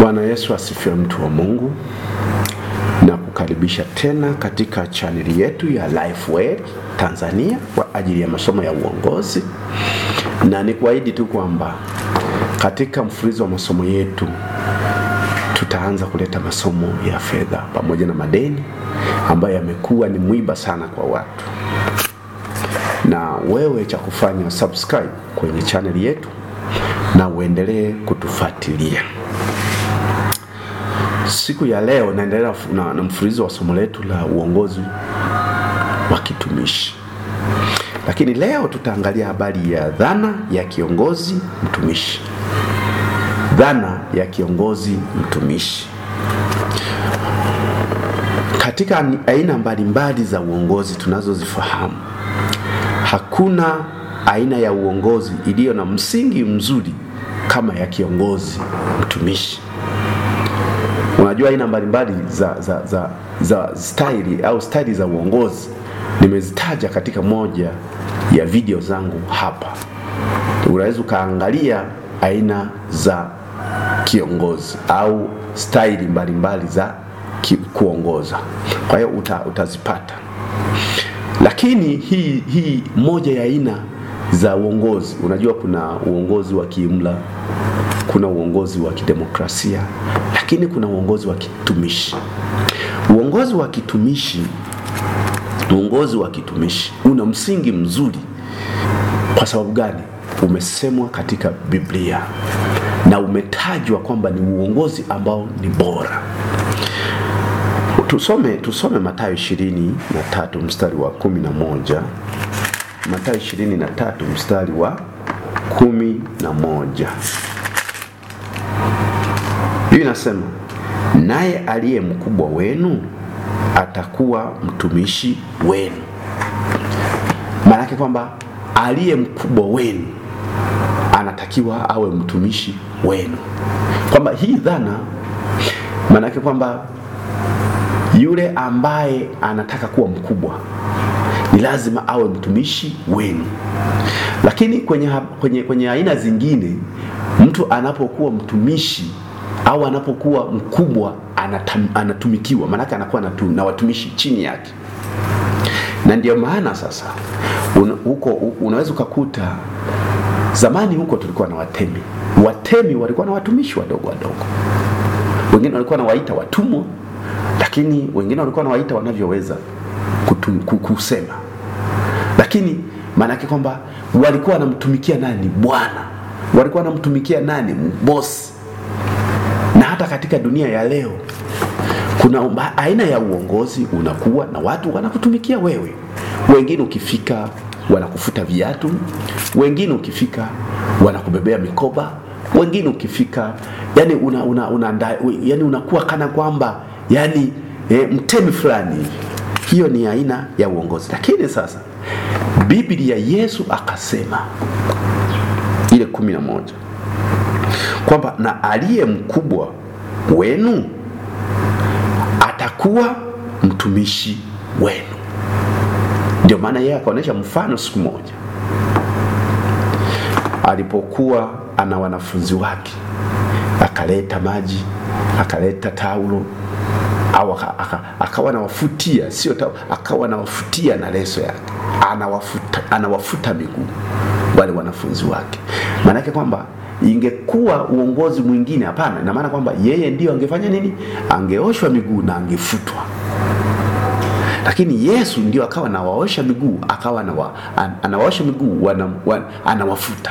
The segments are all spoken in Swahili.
Bwana Yesu asifiwe, mtu wa Mungu, na kukaribisha tena katika chaneli yetu ya Lifeway Tanzania kwa ajili ya masomo ya uongozi, na ni kuahidi tu kwamba katika mfululizo wa masomo yetu tutaanza kuleta masomo ya fedha pamoja na madeni ambayo yamekuwa ni mwiba sana kwa watu, na wewe cha kufanya subscribe kwenye chaneli yetu na uendelee kutufuatilia. Siku ya leo naendelea na, na mfululizo wa somo letu la uongozi wa kitumishi, lakini leo tutaangalia habari ya dhana ya kiongozi mtumishi. Dhana ya kiongozi mtumishi katika aina mbalimbali za uongozi tunazozifahamu, hakuna aina ya uongozi iliyo na msingi mzuri kama ya kiongozi mtumishi. Unajua aina mbalimbali za, za, za, za staili au staili za uongozi nimezitaja katika moja ya video zangu hapa. Unaweza ukaangalia aina za kiongozi au staili mbalimbali za kuongoza, kwa hiyo uta, utazipata. Lakini hii hii moja ya aina za uongozi. Unajua kuna uongozi wa kiimla, kuna uongozi wa kidemokrasia, lakini kuna uongozi wa kitumishi. Uongozi wa kitumishi, uongozi wa kitumishi una msingi mzuri. Kwa sababu gani? Umesemwa katika Biblia na umetajwa kwamba ni uongozi ambao ni bora. Tusome, tusome Mathayo 23 mstari wa 11. Mathayo tatu mstari wa kumi na moja. Hiyo inasema naye aliye mkubwa wenu atakuwa mtumishi wenu. Maana yake kwamba aliye mkubwa wenu anatakiwa awe mtumishi wenu, kwamba hii dhana maana yake kwamba yule ambaye anataka kuwa mkubwa ni lazima awe mtumishi wenu. Lakini kwenye, kwenye, kwenye aina zingine mtu anapokuwa mtumishi au anapokuwa mkubwa anatam, anatumikiwa, maanake anakuwa natu, na watumishi chini yake, na ndio maana sasa un, uko, unaweza ukakuta zamani huko tulikuwa na watemi. Watemi walikuwa na watumishi wadogo wadogo, wengine walikuwa nawaita watumwa, lakini wengine walikuwa nawaita wanavyoweza kusema lakini yake kwamba walikuwa wanamtumikia nani? Bwana. Walikuwa wanamtumikia nani? Bosi. Na hata katika dunia ya leo kuna aina ya uongozi unakuwa na watu wanakutumikia wewe. Wengine ukifika wanakufuta viatu, wengine ukifika wanakubebea mikoba, wengine ukifika yani una, una, una, yani unakuwa kana kwamba yani eh, mtemi fulani hivi hiyo ni aina ya uongozi. Lakini sasa Biblia Yesu akasema ile kumi na moja kwamba na aliye mkubwa wenu atakuwa mtumishi wenu. Ndio maana yeye akaonyesha mfano siku moja alipokuwa ana wanafunzi wake, akaleta maji, akaleta taulo, au akawa anawafutia, sio tauba, akawa anawafutia na leso yake, anawafuta, anawafuta miguu wale wanafunzi wake. maana yake kwamba ingekuwa uongozi mwingine, hapana. Ina maana kwamba yeye ndiyo angefanya nini? Angeoshwa miguu na angefutwa lakini Yesu ndio akawa anawaosha miguu, akawa anawa, anawaosha miguu anawafuta.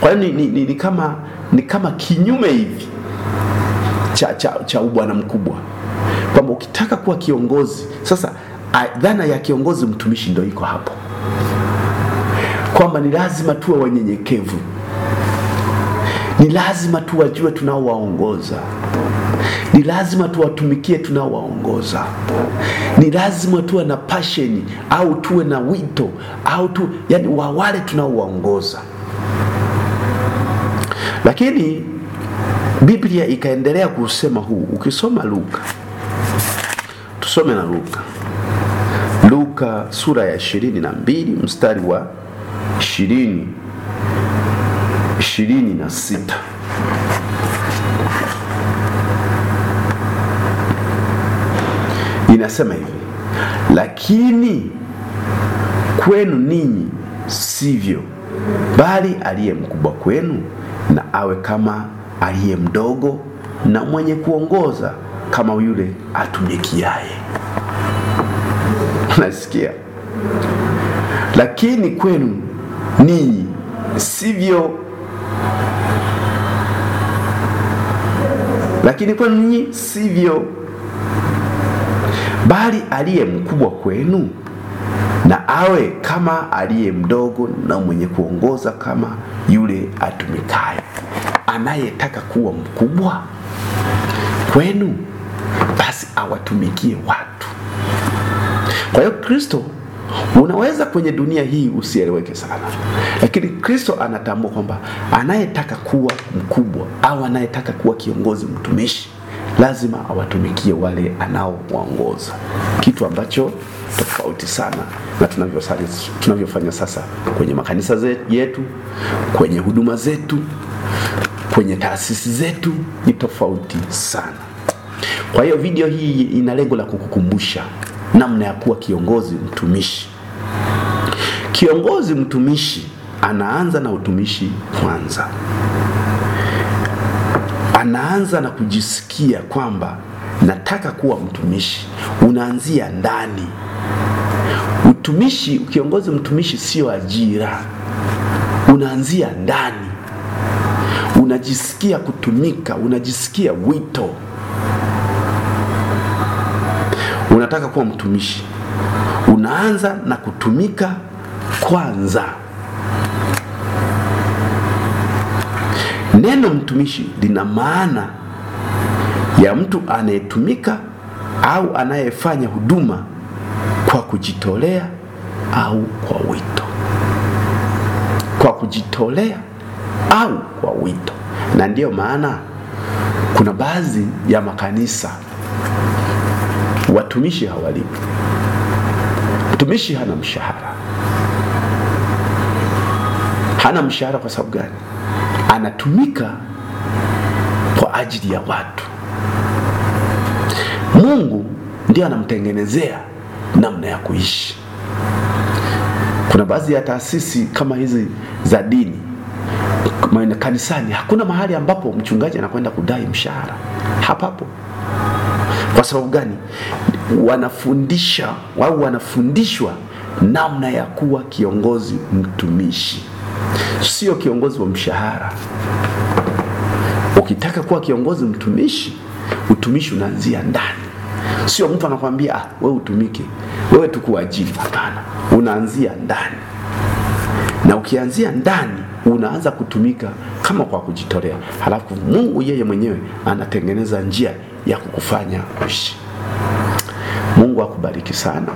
Kwa hiyo ni, ni, ni, kama, ni kama kinyume hivi cha, cha, cha ubwana mkubwa kwamba ukitaka kuwa kiongozi sasa, dhana ya kiongozi mtumishi ndio iko hapo, kwamba ni lazima tuwe wanyenyekevu, ni lazima tuwajue tunaowaongoza, ni lazima tuwatumikie tunaowaongoza, ni lazima tuwe na pasheni au tuwe na wito au tu, yani wa wale tunaowaongoza. Lakini Biblia ikaendelea kusema huu, ukisoma Luka Tusome na Luka. Luka sura ya 22 mstari wa 20 26. Inasema hivi: lakini kwenu ninyi sivyo, bali aliye mkubwa kwenu na awe kama aliye mdogo, na mwenye kuongoza kama yule atumikiaye. Nasikia, lakini kwenu ninyi sivyo, lakini kwenu ninyi sivyo, bali aliye mkubwa kwenu na awe kama aliye mdogo, na mwenye kuongoza kama yule atumikaye. Anayetaka kuwa mkubwa kwenu awatumikie watu. Kwa hiyo Kristo unaweza kwenye dunia hii usieleweke sana, lakini Kristo anatambua kwamba anayetaka kuwa mkubwa au anayetaka kuwa kiongozi mtumishi lazima awatumikie wale anaowaongoza, kitu ambacho tofauti sana na tunavyofanya tunavyofanya sasa kwenye makanisa yetu, kwenye huduma zetu, kwenye taasisi zetu, ni tofauti sana. Kwa hiyo video hii ina lengo la kukukumbusha namna ya kuwa kiongozi mtumishi. Kiongozi mtumishi anaanza na utumishi kwanza, anaanza na kujisikia kwamba nataka kuwa mtumishi. Unaanzia ndani. Utumishi, kiongozi mtumishi sio ajira, unaanzia ndani. Unajisikia kutumika, unajisikia wito Unataka kuwa mtumishi, unaanza na kutumika kwanza. Neno mtumishi lina maana ya mtu anayetumika au anayefanya huduma kwa kujitolea au kwa wito. Kwa kujitolea au kwa wito, na ndiyo maana kuna baadhi ya makanisa watumishi hawalipi, mtumishi hana mshahara. Hana mshahara kwa sababu gani? Anatumika kwa ajili ya watu. Mungu ndiye anamtengenezea namna ya kuishi. Kuna baadhi ya taasisi kama hizi za dini kanisani, hakuna mahali ambapo mchungaji anakwenda kudai mshahara hapapo. Kwa sababu gani? Wanafundisha au wanafundishwa namna ya kuwa kiongozi mtumishi, sio kiongozi wa mshahara. Ukitaka kuwa kiongozi mtumishi, utumishi unaanzia ndani. Sio mtu anakwambia ah, wewe utumike, wewe tukuajiri. Hapana, unaanzia ndani, na ukianzia ndani unaanza kutumika kama kwa kujitolea, halafu Mungu yeye mwenyewe anatengeneza njia ya kukufanya uishi. Mungu akubariki sana,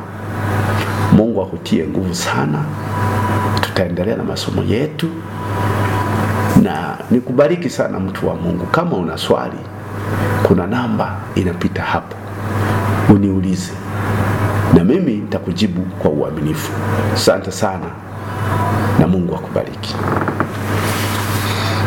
Mungu akutie nguvu sana. Tutaendelea na masomo yetu na nikubariki sana mtu wa Mungu. Kama una swali, kuna namba inapita hapo, uniulize na mimi nitakujibu kwa uaminifu. Asante sana na Mungu akubariki.